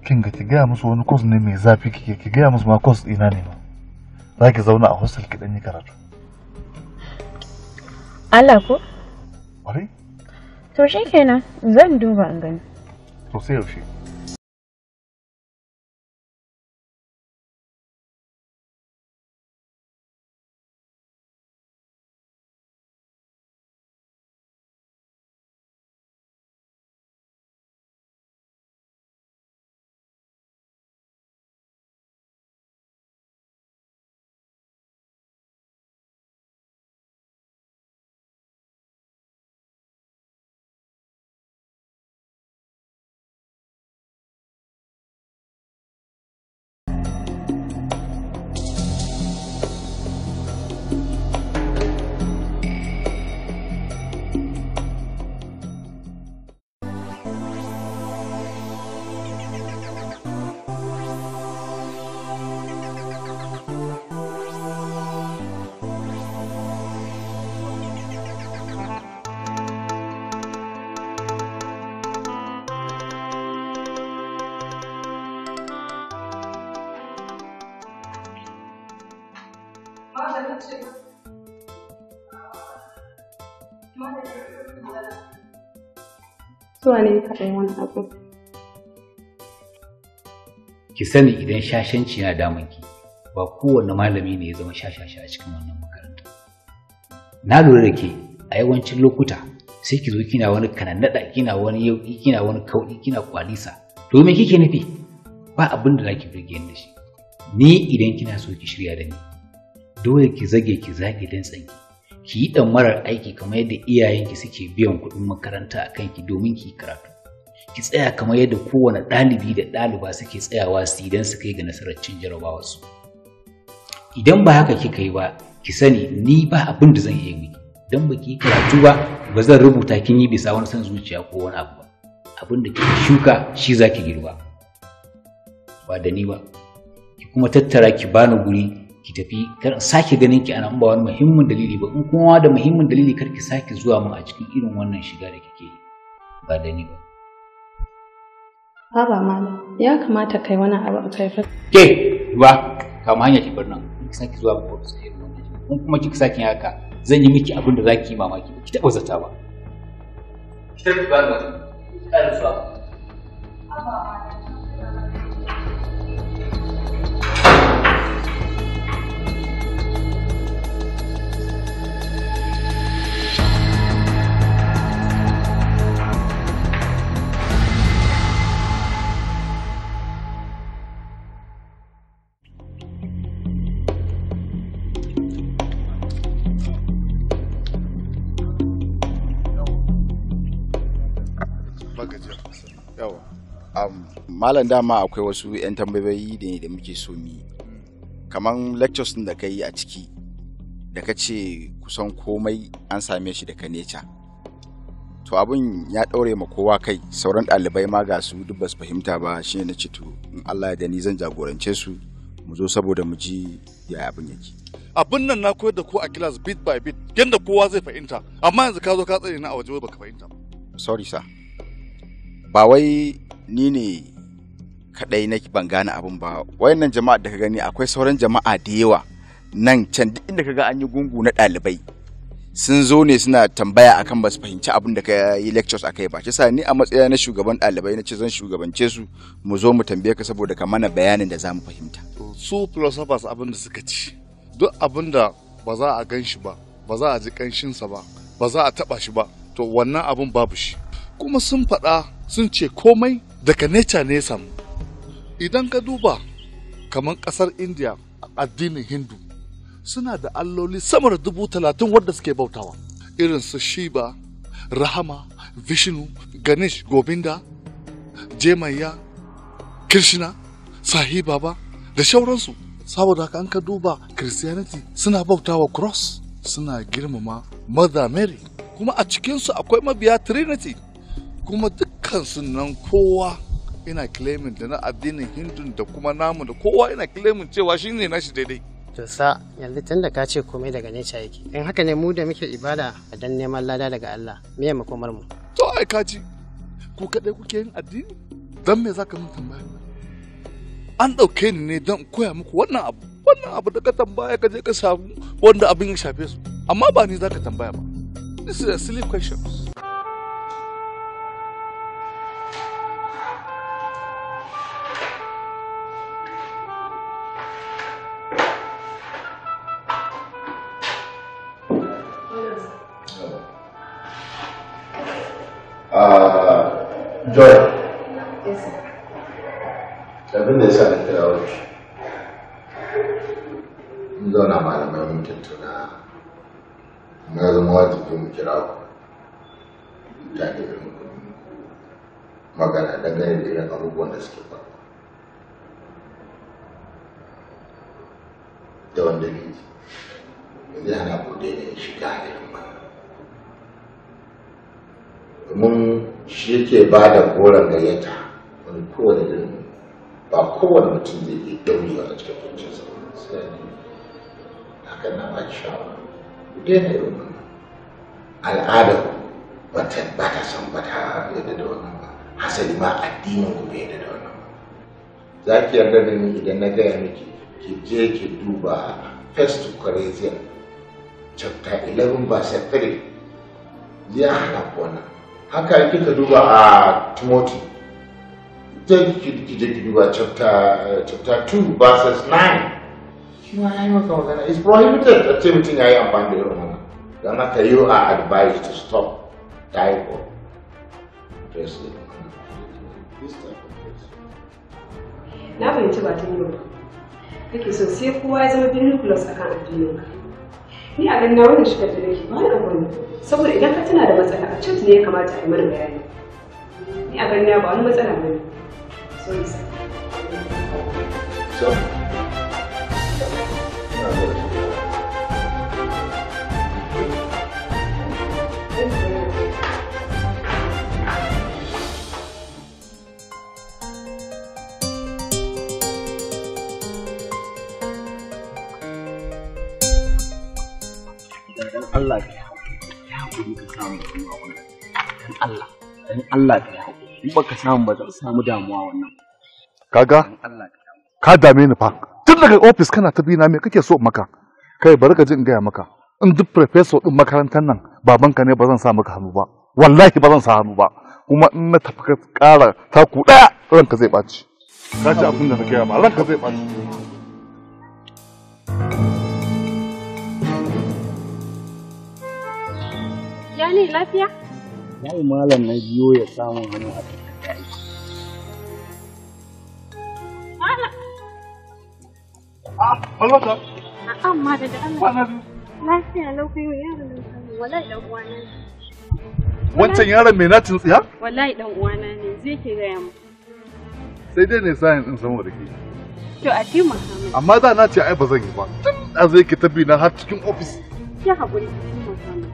kin ga ki gaya musu wani course ne mai zafi kike ki gaya musu ma course ina ne ma za ki zauna a hostel ki dan yi karatu Allah ko ƙwarai to shi kenan zan duba in gani to sai yaushe zuwa ne wani abu. Ki sani idan shashanci yana damun ki ba kowane malami ne ya zama shashashi a cikin wannan makaranta. Na lura da ke a yawancin lokuta sai ki zo kina wani kanannada kina wani yauki kina wani kauɗi kina kwalisa to me kike nufi ba abin da zaki burge ni da shi ni idan kina so ki shirya da ni dole ki zage ki zage dan tsanki ki yi ɗamarar aiki kamar yadda iyayenki suke biyan kuɗin makaranta a kanki domin ki karatu ki tsaya kamar yadda kowane ɗalibi da ɗaliba suke tsayawa su idan su kai ga nasarar cin su. idan ba haka kika yi ba ki sani ni ba abin da zan iya miki idan ba ki yi karatu ba ba zan rubuta kin yi bisa wani son zuciya ko wani abu ba abin da kika shuka shi za ki girba ba da ni ba ki kuma tattara ki bani guri ki tafi kar sake ganin ki ana ba wani muhimmin dalili ba in kuma da muhimmin dalili kar ki sake zuwa mu a cikin irin wannan shiga da kike yi ba da ni ba Baba mama ya kamata kai wani abu a kai ke ba kama hanya ki bar nan in ki sake zuwa mu sai irin wannan in kuma kika sake haka zan yi miki abin da zaki yi mamaki ba ki taɓa zata ba ki tafi ba ga ki ƙara zuwa Baba mama malam dama akwai wasu 'yan tambayoyi da ne da muke so mi kamar lectures din da kai a ciki da ka ce kusan komai an same shi daga neca to abin ya ɗaure ma kowa kai sauran ɗalibai ma ga su duk basu fahimta ba shine na to in Allah ya ni zan jagorance su mu zo saboda mu ji ya abin yake abin nan na koyar da ku a class bit by bit yadda kowa zai fahimta amma yanzu ka zo ka tsare na a waje baka fahimta sorry sir ba wai ni ne kadai na ban gane abin ba wayannan jama'a da ka gani akwai sauran jama'a da yawa nan can duk inda ka ga an yi gungu na ɗalibai sun zo ne suna tambaya akan ba su fahimci abin da ka yi lectures akai ba kisa ni a matsayina na shugaban ɗalibai na ce zan shugabance su mu zo mu tambaye ka saboda ka mana bayanin da za mu fahimta su philosophers abin da suka ci duk abin da ba za a gan shi ba ba za a ji sa ba ba za a taba shi ba to wannan abin babu shi kuma sun faɗa sun ce komai daga nature ne samu idan ka duba kamar ƙasar india addinin hindu suna da alloli sama da dubu talatin wadda suke bautawa irin su shiba rahama vishnu ganesh gobinda jemaya krishna sahi baba da shauransu saboda haka an ka duba christianity suna bautawa cross suna girmama mother mary kuma a cikinsu akwai mabiya trinity kuma dukkan nan kowa ina claiming da na addinin hindun da kuma namu da kowa ina claiming cewa shi ne nashi daidai to sa yanzu tun da ka ce komai daga neca yake in haka ne mu da muke ibada a dan neman lada daga Allah me ya makomar mu to ai kaji ku kadai kuke yin addini dan me zaka mun tambaya an dauke ni ne dan koya muku wannan abu wannan abu da ka tambaya ka je ka samu wanda abin ya shafe su amma ba ni zaka tambaya ba this is a silly questions Uh, joy abin da ya sa na kira mun zauna malamai mun tattuna na zama wajibi mu kira ku ta ne magana dangane da irin abubuwan da suke faru da wanda ne zai hana ku shiga halin ba Mun shi ke ba da goron gayyata wani kowane irin ba kowane mutum zai iya daurewa a cikin kwanciyarsa sai hakan na baki shawara ku daina irin wannan al'adar ba bata san bata ta yadda da wannan ba hasali ma addinin ku bai yadda da wannan ba za ki yarda da ni idan na gaya miki ki je ki duba first corinthians chapter 11 verse 3 ya hana ku wannan haka kika duba a timothy zai ki ki duba chapter chapter 2 verses 9 shi ma yayi maka magana is prohibited a ce mutum yayi amfani da irin wannan don haka you are advised to stop type of dressing na fahimci ba ta yi ba kake so sai kowa ya zama birin plus akan addinin ka ni a ganin wannan shigar da nake ba da wani saboda idan ka tana da matsala a cikin ne ya kamata a yi mana bayani ni a ganin ba wani matsala bane so ni sa so Allah ka yi haƙuri, ya haƙuri ka samu da kuma wannan dan Allah dan Allah ka yi haƙuri in ba ka samu ba zan samu damuwa wannan kaga ka dame ni fa tun daga ofis kana ta bina me kake so maka kai bari ka ji in gaya maka in duk professor din makarantar nan babanka ne ba zan sa maka hannu ba wallahi ba zan sa hannu ba kuma in na tafi ƙara taku ɗaya ranka zai ɓaci ka ji abin da na gaya ma ranka zai ɓaci ja ne lafiya? Yayi malam na biyo ya samu hannu a Falmata. Ah, na ma da Allah. Lafiya yaron nan wallahi dan uwana ne. Wancan yaron mai natin tsiya? Wallahi dan uwana ne zai ke gaya mu. Sai dai ne sayin din samu da To a taimaka Amma da na ce ai ba zan yi ba. Tun da zai ke tabi na har cikin ofis. Ya haƙuri.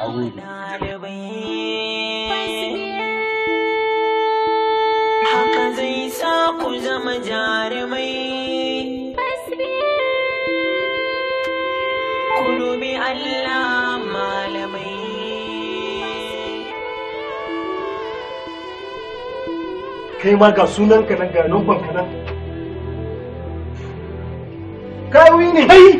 Haka zai sa ku zama jarumai. Ku Allah malamai. Kai ma ga sunan nan ga numfanka nan. ne!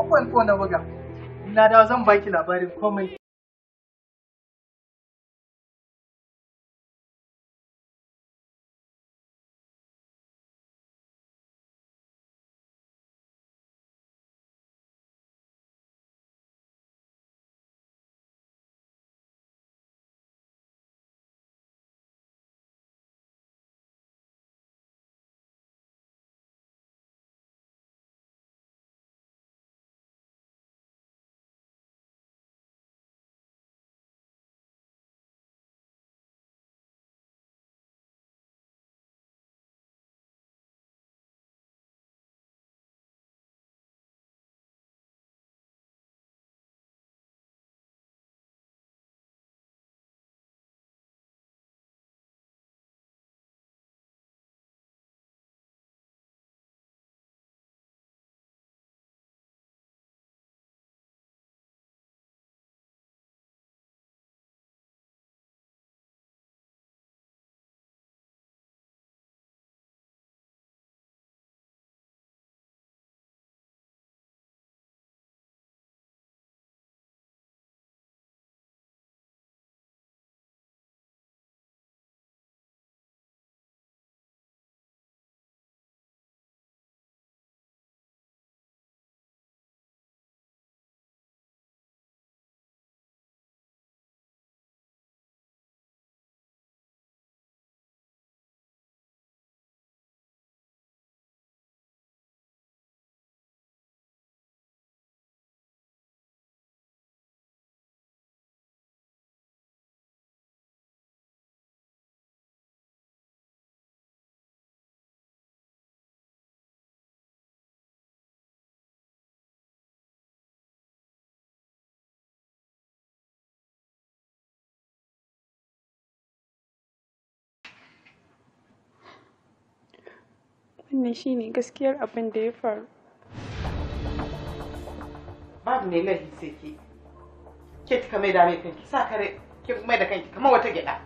ko na buga. ina da zan baki labarin komai. Wannan shi ne gaskiyar abin da ya faru. Babu ne lahi sai ke. Ke kika mai da mai kanki, sa kare ki mai da kanki kamar wata gida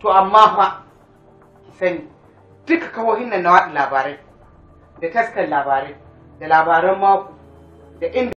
To amma fa ki sani duka kawohin nan na waɗa labarai da taskar labarai da labaran mako da inda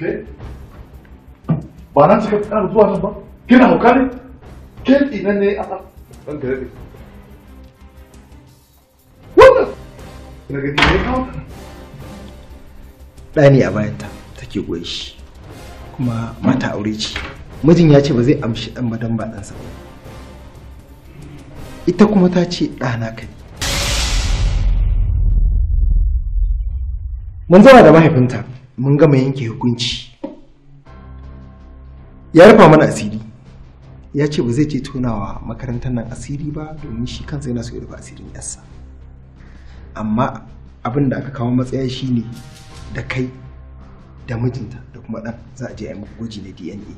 ke ba na cika tsara zuwa nan ba kina hauka ne ke tsinan ne a ɗan ka daɗe wannan daga ne ya kawo ɗani a bayanta take goyi shi kuma mata aure ce mijin ya ce ba zai amshi ɗan madan ba ɗansa ba ita kuma ta ce ɗana ka ne mun zauna da mahaifinta mun gama yanke hukunci ya rufa mana asiri ya ce ba zai ce tonawa makarantar nan asiri ba domin shi kansa yana so ya rufa asirin yarsa amma abin da aka kawo matsaya shine da kai da mijinta da kuma ɗan za a je a yi muku gwaji na dna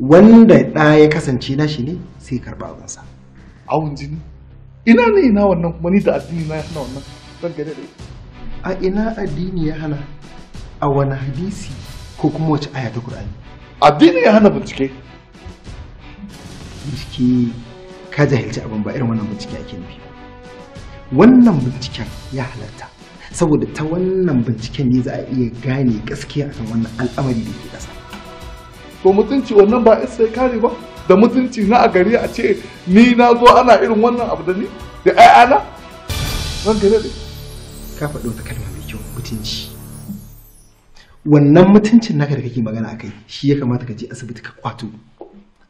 wanda ɗa ya kasance nashi ne sai karɓa abinsa awon jini ina ne ina wannan kuma ni da addini na ya hana wannan zan gane a ina addini ya hana a wani hadisi ko kuma wace aya ta Qur'ani addini ya hana bincike bincike ka jahilci abin ba irin wannan bincike ake nufi wannan binciken ya halatta saboda ta wannan binciken ne za a iya gane gaskiya kan wannan al'amari da ke ƙasa to mutunci wannan ba isa ya kare ba da mutunci na a gari a ce ni na zo ana irin wannan abu da ni da ai ana ran gare da ka faɗi wata kalma mai kyau mutunci wannan mutuncin naka da kake magana akai shi ya kamata ka je asibiti ka kwato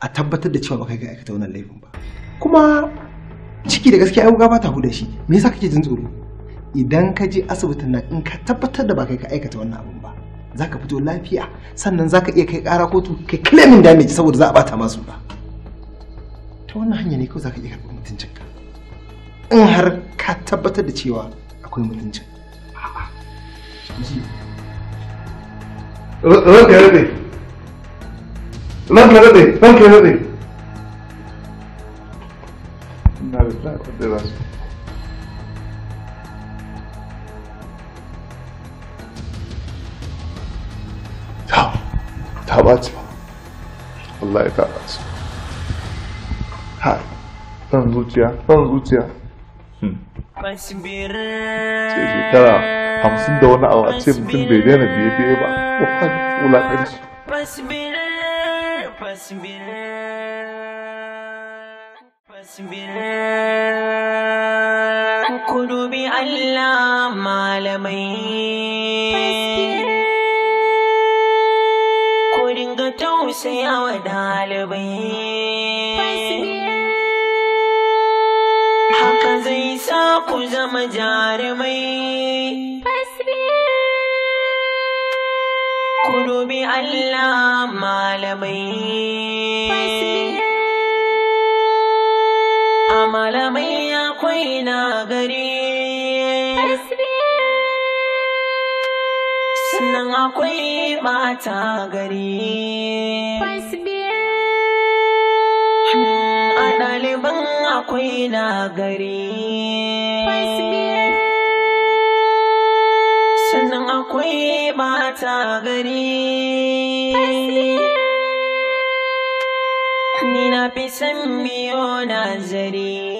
a tabbatar da cewa ba kai ga aikata wannan laifin ba kuma ciki da gaskiya ai ba ta da shi me yasa kake jin tsoro idan ka je asibitin nan in ka tabbatar da ba kai ka aikata wannan abun ba zaka fito lafiya sannan zaka iya kai kara kotu kai claiming damage saboda za a bata masu ba ta wannan hanya ne kawai zaka iya karɓar mutuncin ka in har ka tabbatar da cewa akwai mutuncin a'a Look Look Look Not exactly. Did I? تعبان اسمع والله تعبان اسمع هاي فان زوجيا فان زوجيا ce shekara hamsin a ce mutum bai daina biye biye ba ko ku dubi Allah malamai ku dinga ɗalibai ku zama jarumai. Ku dubi Allah malamai. A malamai akwai nagari, Sannan akwai mata gari. ɗaliban akwai na gari. Sannan akwai bata gari. Ni na fi san biyo nazari.